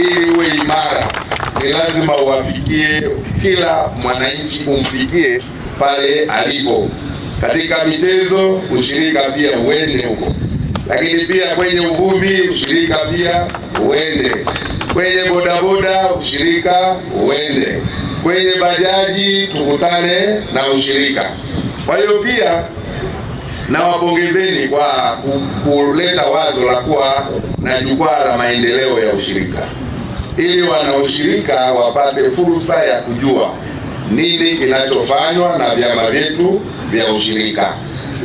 ili uwe imara, ni lazima uwafikie kila mwananchi, umfikie pale alipo. Katika michezo ushirika pia uende huko, lakini pia kwenye uvuvi ushirika pia uende, kwenye bodaboda ushirika uende, kwenye bajaji tukutane na ushirika. Kwa hiyo pia nawapongezeni kwa kuleta wazo la kuwa na jukwaa la maendeleo ya ushirika ili wanaoshirika wapate fursa ya kujua nini kinachofanywa na vyama vyetu vya ushirika,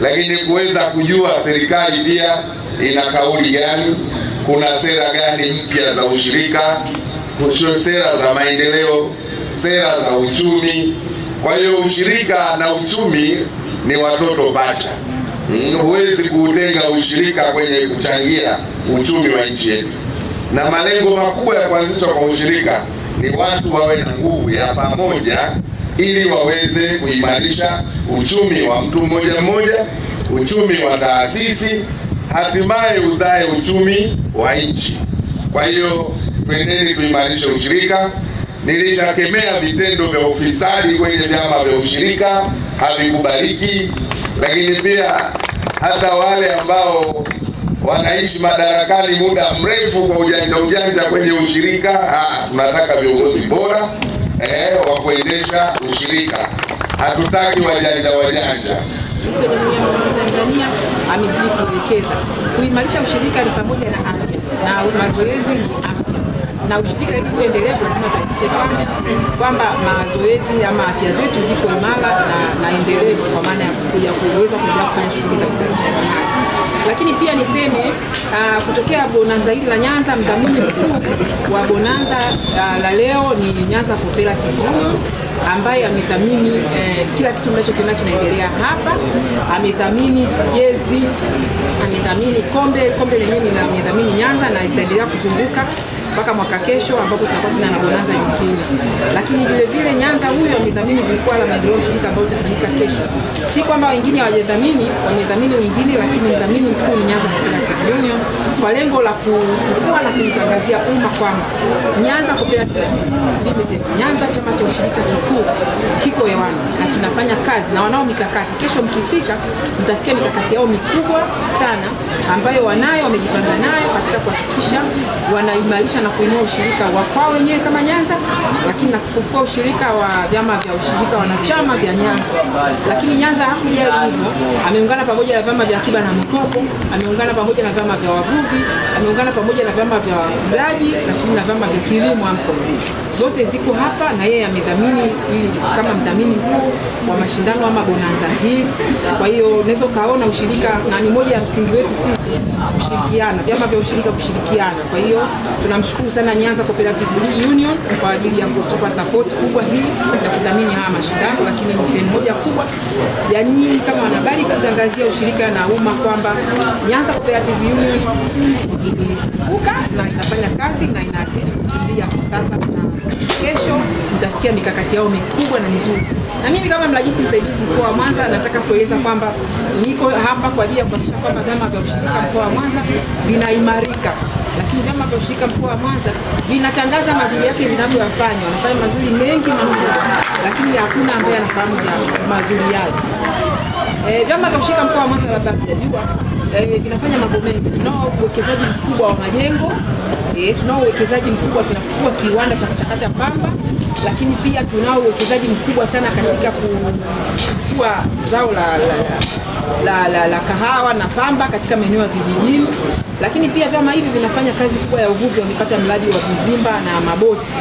lakini kuweza kujua serikali pia ina kauli gani, kuna sera gani mpya za ushirika, sera za maendeleo, sera za uchumi. Kwa hiyo ushirika na uchumi ni watoto pacha. Mm, huwezi kuutenga ushirika kwenye kuchangia uchumi wa nchi yetu na malengo makubwa ya kuanzishwa kwa ushirika ni watu wawe na nguvu ya pamoja ili waweze kuimarisha uchumi wa mtu mmoja mmoja, uchumi wa taasisi, hatimaye uzae uchumi wa nchi. Kwa hiyo twendeni tuimarishe ushirika. Nilishakemea vitendo vya ufisadi kwenye vyama vya ushirika, havikubaliki. Lakini pia hata wale ambao wanaishi madarakani muda mrefu kwa ujanja ujanja kwenye ushirika. Tunataka viongozi bora eh, wa kuendesha ushirika, hatutaki wajanja wajanja. Tanzania amezidi kuwekeza kuimarisha ushirika ni pamoja na afya na mazoezi ni afya na ushirika ili kuendelea, lazima tuhakikishe kwamba mazoezi ama afya zetu ziko imara na, na endelevu kwa maana ya Uh, kutokea bonanza hili la Nyanza, mdhamini mkuu wa bonanza uh, la leo ni Nyanza Cooperative Union ambaye amedhamini eh, kila kitu mnachokiona kinaendelea hapa. Amedhamini jezi, amedhamini kombe. Kombe lenyewe ni amedhamini Nyanza na itaendelea kuzunguka mpaka mwaka kesho ambapo tutakuwa tena na bonanza nyingine. Lakini vile vile Nyanza huyo amedhamini jukwaa la maendeleo shirika ambalo litafanyika kesho. Si kwamba wengine hawajadhamini, wamedhamini wengine, lakini mdhamini mkuu ni Nyanza. Union kwa lengo la kufufua na kumtangazia umma kwamba Nyanza Cooperative Limited, Nyanza chama cha ushirika kikuu kiko hewani zinafanya kazi na wanao mikakati. Kesho mkifika, mtasikia mikakati yao mikubwa sana ambayo wanayo, wamejipanga nayo katika kuhakikisha wanaimarisha na kuinua ushirika wa kwao wenyewe kama Nyanza, lakini na kufufua ushirika wa vyama vya ushirika wanachama vya Nyanza. Lakini Nyanza hakujali hivyo, ameungana pamoja na vyama vya akiba na mikopo, ameungana pamoja na vyama vya wavuvi, ameungana pamoja na vyama vya wafugaji, lakini na vyama vya kilimo AMCOS zote ziko hapa na yeye amedhamini, ili kama mdhamini mkuu wa mashindano ama bonanza hii. Kwa hiyo unaweza ukaona ushirika, na ni moja ya msingi wetu sisi kushirikiana, vyama vya ushirika kushirikiana. Kwa hiyo tunamshukuru sana Nyanza Cooperative Union kwa ajili ya kutupa support kubwa hii na kudhamini haya mashindano, lakini ni sehemu moja kubwa ya nyinyi kama wanahabari kutangazia ushirika na umma kwamba Nyanza Cooperative Union imevuka na inafanya kazi na inazidi kukimbia kwa sasa, na kesho mtasikia mikakati yao mikubwa na mizuri. Na mimi kama mrajisi msaidizi mkoa wa Mwanza nataka kueleza kwamba niko hapa kwa ajili ya kuhakikisha kwamba vyama vya ushirika mkoa wa Mwanza vinaimarika lakini vyama vya ushirika mkoa wa Mwanza vinatangaza mazuri yake vinavyoyafanya. Wanafanya mazuri mengi mazuri, lakini hakuna ambaye anafahamu mazuri yake. E, vyama vya ushirika mkoa wa Mwanza labda mjajua, e, vinafanya mambo mengi. Tunao uwekezaji mkubwa wa majengo E, tunao uwekezaji mkubwa tunafufua kiwanda cha kuchakata pamba, lakini pia tunao uwekezaji mkubwa sana katika kufufua zao la, la, la, la, la kahawa na pamba katika maeneo ya vijijini, lakini pia vyama hivi vinafanya kazi kubwa ya uvuvi, wamepata mradi wa vizimba na maboti.